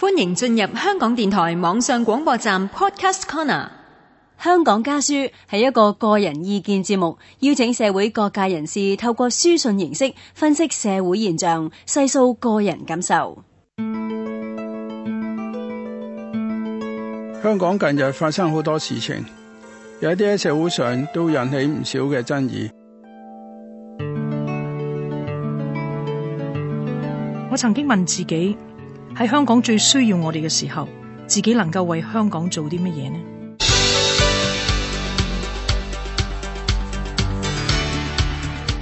歡迎進入香港電台網上廣播站 Podcast Corner。香港家書係一個個人意見節目，邀請社會各界人士透過書信形式分析社會現象，細數個人感受。香港近日發生好多事情，有一啲喺社會上都引起唔少嘅爭議。我曾經問自己。喺香港最需要我哋嘅時候，自己能夠為香港做啲乜嘢呢？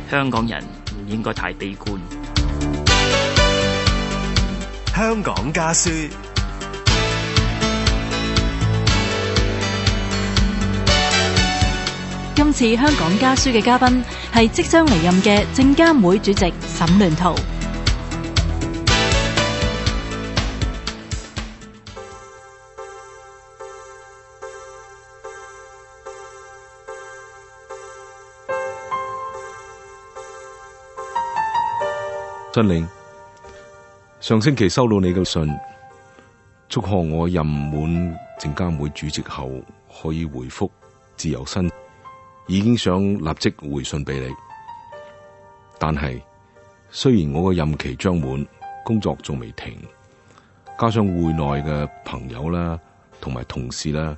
香港人唔應該太悲觀。香港家書，今次香港家書嘅嘉賓係即將離任嘅證監會主席沈聯濤。上星期收到你嘅信，祝賀我任滿證監會主席後可以回復自由身，已經想立即回信俾你。但係雖然我嘅任期將滿，工作仲未停，加上會內嘅朋友啦，同埋同事啦，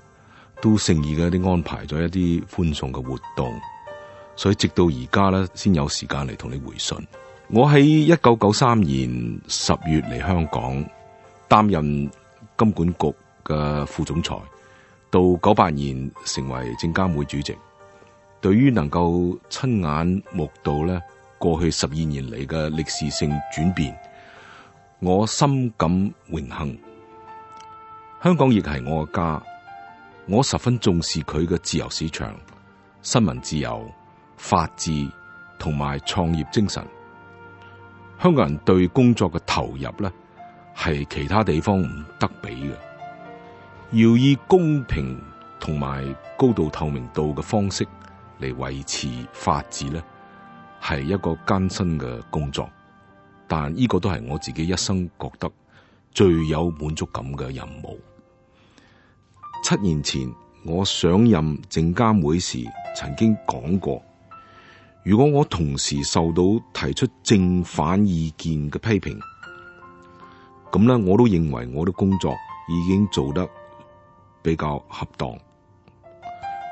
都誠意嘅啲安排咗一啲歡送嘅活動，所以直到而家咧先有時間嚟同你回信。我喺一九九三年十月嚟香港，擔任金管局嘅副總裁，到九八年成為證監會主席。對於能夠親眼目睹呢過去十二年嚟嘅歷史性轉變，我深感榮幸。香港亦係我嘅家，我十分重視佢嘅自由市場、新聞自由、法治同埋創業精神。香港人對工作嘅投入咧，係其他地方唔得比嘅。要以公平同埋高度透明度嘅方式嚟維持法治咧，係一個艱辛嘅工作。但呢個都係我自己一生覺得最有滿足感嘅任務。七年前我上任證監會時，曾經講過。如果我同時受到提出正反意見嘅批評，咁咧我都認為我的工作已經做得比較恰當。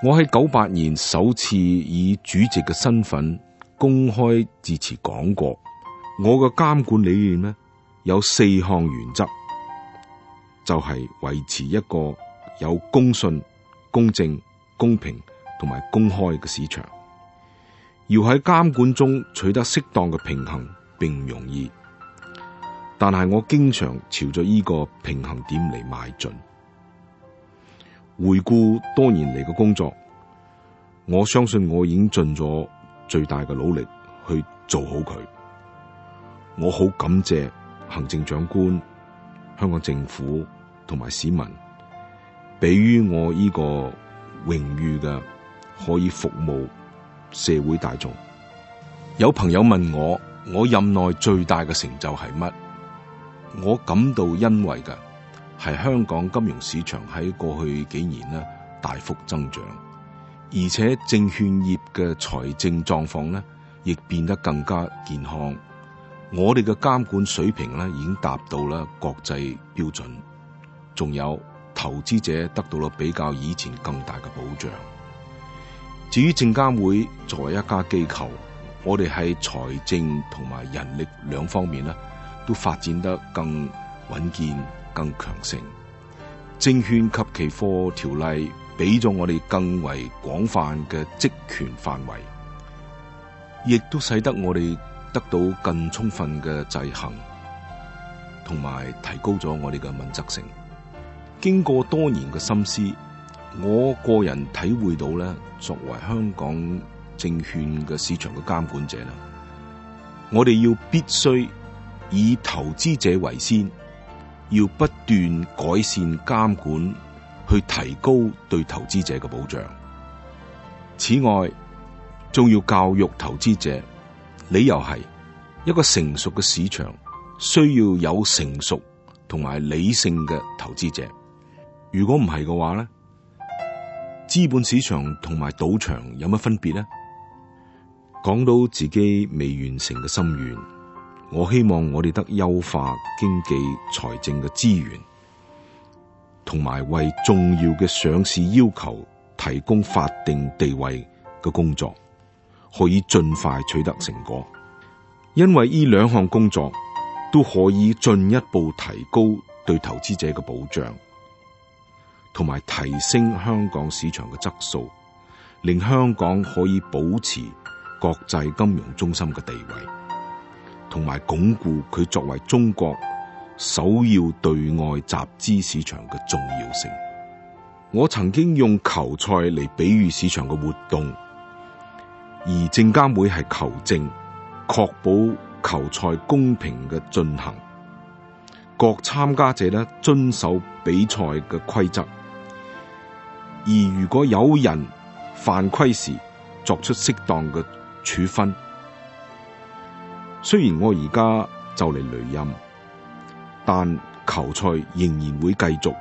我喺九八年首次以主席嘅身份公開致詞講過，我嘅監管理念呢，有四項原則，就係、是、維持一個有公信、公正、公平同埋公開嘅市場。要喺監管中取得適當嘅平衡，並唔容易。但係我經常朝著呢個平衡點嚟邁進。回顧多年嚟嘅工作，我相信我已經盡咗最大嘅努力去做好佢。我好感謝行政長官、香港政府同埋市民，俾予我呢個榮譽嘅可以服務。社會大眾有朋友問我，我任內最大嘅成就係乜？我感到欣慰嘅係香港金融市場喺過去幾年呢大幅增長，而且證券業嘅財政狀況呢亦變得更加健康。我哋嘅監管水平呢已經達到啦國際標準，仲有投資者得到咗比較以前更大嘅保障。至於證監會作為一家機構，我哋喺財政同埋人力兩方面呢，都發展得更穩健、更強盛。證券及期貨條例俾咗我哋更為廣泛嘅職權範圍，亦都使得我哋得到更充分嘅制衡，同埋提高咗我哋嘅問責性。經過多年嘅心思。我個人體會到咧，作為香港證券嘅市場嘅監管者咧，我哋要必須以投資者為先，要不斷改善監管，去提高對投資者嘅保障。此外，仲要教育投資者，理由係一個成熟嘅市場需要有成熟同埋理性嘅投資者。如果唔係嘅話咧。資本市場同埋賭場有乜分別呢？講到自己未完成嘅心願，我希望我哋得優化經濟財政嘅資源，同埋為重要嘅上市要求提供法定地位嘅工作，可以盡快取得成果。因為呢兩項工作都可以進一步提高對投資者嘅保障。同埋提升香港市場嘅質素，令香港可以保持國際金融中心嘅地位，同埋鞏固佢作為中國首要對外集資市場嘅重要性。我曾經用球賽嚟比喻市場嘅活動，而證監會係球證，確保球賽公平嘅進行，各參加者呢，遵守比賽嘅規則。而如果有人犯規時，作出適當嘅處分。雖然我而家就嚟離任，但球賽仍然會繼續，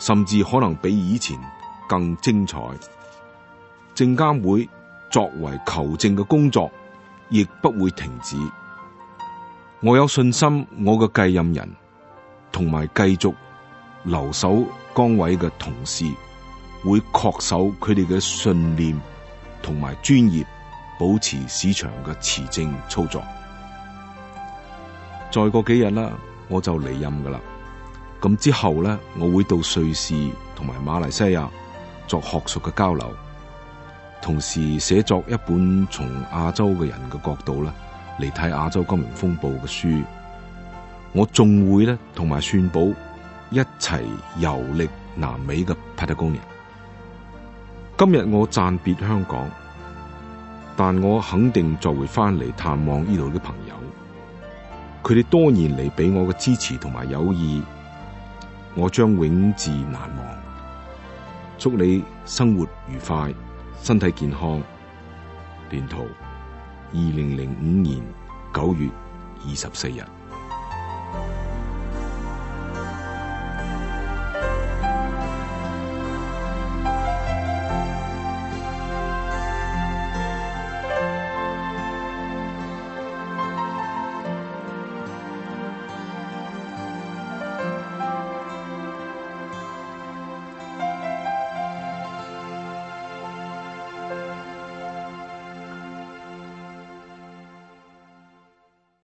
甚至可能比以前更精彩。證監會作為求證嘅工作，亦不會停止。我有信心，我嘅繼任人同埋繼續留守崗位嘅同事，會確守佢哋嘅信念同埋專業，保持市場嘅持正操作。再過幾日啦，我就離任噶啦。咁之後咧，我會到瑞士同埋馬來西亞作學術嘅交流，同時寫作一本從亞洲嘅人嘅角度咧嚟睇亞洲金融風暴嘅書。我仲會咧同埋算寶一齊遊歷南美嘅 Patagonia。今日我暫別香港，但我肯定作會翻嚟探望呢度嘅朋友。佢哋多年嚟俾我嘅支持同埋友誼，我將永誌難忘。祝你生活愉快，身體健康，聯濤二零零五年九月二十四日。